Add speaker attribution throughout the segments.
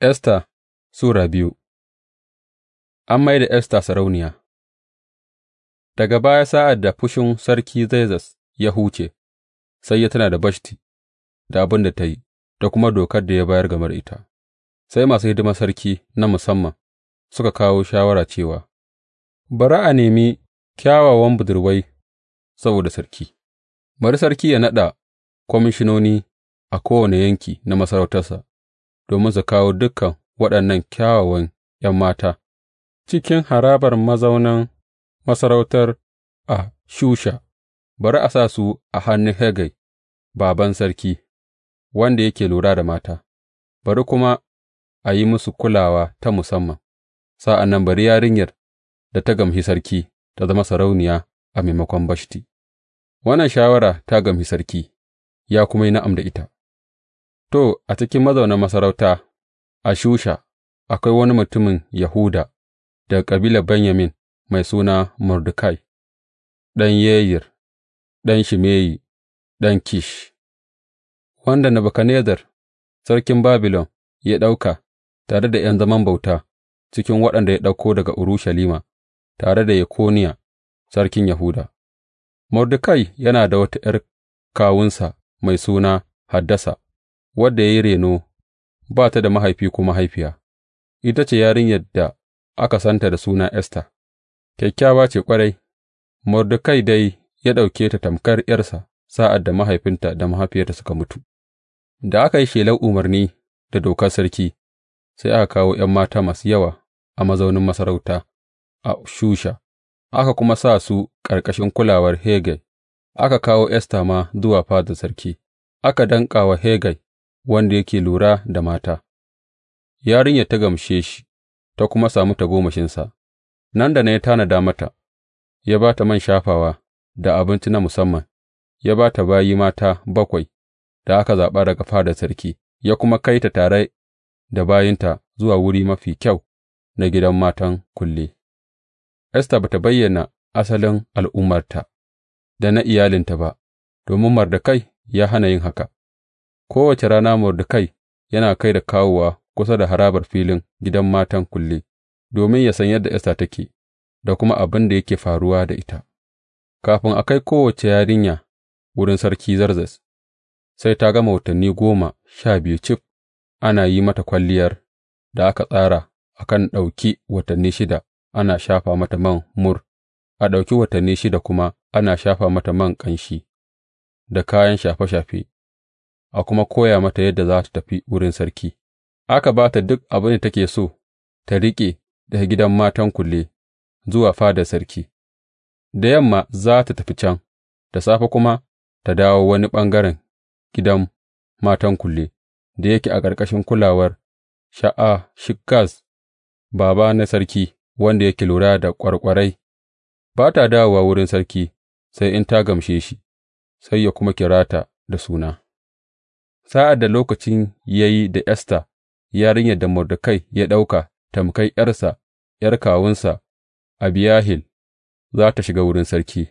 Speaker 1: Esta Sura biyu An mai da Esta sarauniya Daga baya sa'ad da fushin sarki zaizas ya huce, sai ya tana da Bashti, da abin da ta yi, da kuma dokar da ya bayar ga da ita, sai masu hidimar sarki na musamman suka kawo shawara cewa, Bari a nemi kyawawan budurwai saboda sarki, bari sarki ya naɗa kwamishinoni a kowane yanki na masarautarsa. domin su kawo dukan waɗannan kyawawan ’yan mata cikin harabar mazaunan masarautar a Shusha, bari a sa su a hannun Hegai, baban sarki, wanda yake lura da mata, bari kuma a yi musu kulawa ta musamman, sa'an nan bari yarinyar da ta gamshi sarki ta zama sarauniya a maimakon Bashti. Wannan shawara ta gamshi sarki, ya kuma yi na'am da ita. To, a cikin mazaunan masarauta a Shusha akwai wani mutumin Yahuda daga kabilar Benyamin mai suna Mordekai, ɗan Yayir, ɗan Shimeyi, ɗan Kish, wanda Nebukadnezzar sarkin Babilon ya ɗauka tare da ’yan zaman bauta cikin waɗanda ya ɗauko daga Urushalima tare da Yekoniya sarkin Yahuda. Mordekai yana da wata ’yar kawunsa mai suna Haddasa. wadda ya yi reno, ba ta da mahaifi ko mahaifiya, ita ce yarinyar da aka santa da suna Esta, kyakkyawa ce ƙwarai, Mordekai dai ya ɗauke ta tamkar ’yarsa sa'ad da mahaifinta da mahaifiyarta suka mutu. Da aka yi shelar umarni da dokar sarki, sai aka kawo ’yan mata masu yawa a mazaunin masarauta a Shusha, aka kuma sa su ƙarƙashin kulawar Hegai, aka kawo Esta ma zuwa fadar sarki, aka danƙa wa Hegai wanda yake lura da mata, yarinyar ta gamshe shi, ta kuma sami tagomashinsa, nan da na ya tanada mata, ya ba ta man shafawa da abinci na musamman, ya ba ta bayi mata bakwai da aka zaɓa daga fadar sarki, ya kuma kai ta tare da bayinta zuwa wuri mafi kyau na gidan matan kulle. Esta ba ta bayyana asalin al'ummarta da na iyalinta ba, domin Mardakai ya hana yin haka. Kowace rana Mordekai yana kai da kawowa kusa da harabar filin gidan matan kulle, domin ya san yadda Esta take, da kuma abin da yake faruwa da ita, kafin a kai kowace yarinya wurin Sarki Zarzas, sai ta gama watanni goma sha biyu cif ana yi mata kwalliyar da aka tsara a kan ɗauki watanni shida ana shafa mata man mur, a ɗauki watanni shida kuma ana shafa mata man ƙanshi da kayan shafe shafe. a kuma koya mata yadda za ta tafi wurin sarki, aka ba ta duk abin da take so ta riƙe daga gidan matan kulle zuwa fadar sarki, da yamma za ta tafi can, da safe kuma ta dawo wani ɓangaren gidan matan kulle da yake a ƙarƙashin kulawar sha'a Shikaz, baba na sarki wanda yake lura da ƙwarƙwarai, ba ta dawowa wurin sarki sai in ta gamshe shi, sai ya kuma kira ta da suna. Sa'ad da lokacin ya yi da Esta, yarinyar da Mordekai ya ɗauka tamkai ’yarsa, ’yar kawunsa Abihayil, za tă shiga wurin sarki,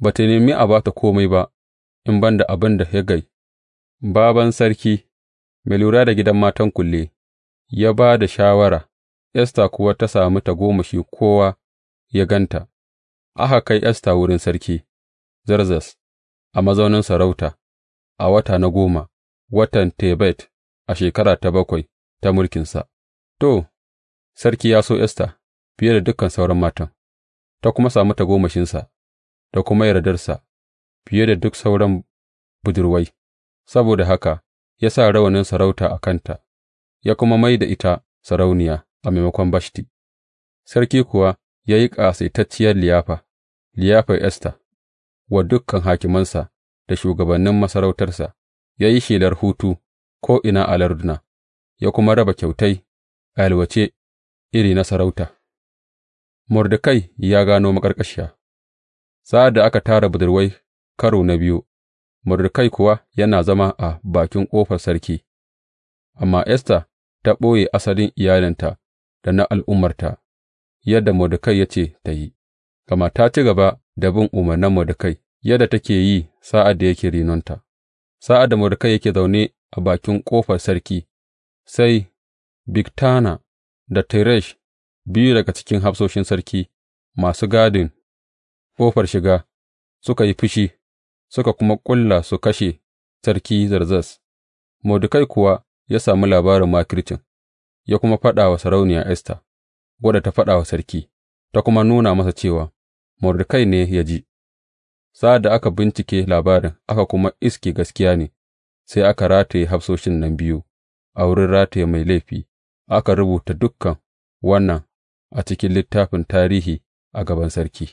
Speaker 1: ba ta nemi a ba ta kome ba in ban da abin da Hegai, baban sarki, mai lura da gidan matan kulle, ya ba da shawara, Esta kuwa ta sami ta tagomashi kowa ya ganta, aka kai Esta wurin sarki, Zarzas, a mazaunin sarauta, a wata na goma. watan Tebet a shekara ta bakwai ta mulkinsa, to, sarki ya so Esta fiye da dukan sauran matan, ta kuma sami tagomashinsa da kuma yardarsa fiye da duk sauran budurwai, saboda haka ya sa rawanin sarauta a kanta, ya kuma mai da ita sarauniya a maimakon Bashti, sarki kuwa ya yi ƙasaitacciyar liyafa, liyafar Esta, wa dukkan hakimansa da shugabannin masarautarsa. ya yi shelar hutu ko'ina a larduna, ya kuma raba kyautai a yalwace iri na sarauta. Mordekai ya gano maƙarƙashiya Sa'ad da aka tara budurwai karo na biyu, Mordekai kuwa yana zama a bakin ƙofar sarki, amma Esta ta ɓoye asalin iyalinta da na al'ummarta, yadda Mordekai ya ce ta yi, gama ta ci gaba da bin umarnan Mordekai yadda take yi sa'ad da yake rinonta. Sa'ad da Mordekai yake zaune a bakin ƙofar sarki, sai Bigtana da Teresh, biyu daga cikin hafsoshin sarki masu gadin ƙofar shiga, suka yi fushi, suka kuma ƙulla su kashe sarki zarzas. Mordekai kuwa ya sami labarin makircin, ya kuma faɗa wa sarauniya Esta, wadda ta faɗa wa sarki, ta kuma nuna masa cewa Mordekai ne ya ji. Sa'ad da aka bincike labarin aka kuma iske gaskiya ne, sai aka rataye hafsoshin nan biyu a wurin rataye mai laifi, aka rubuta dukan wannan a cikin littafin tarihi a gaban sarki.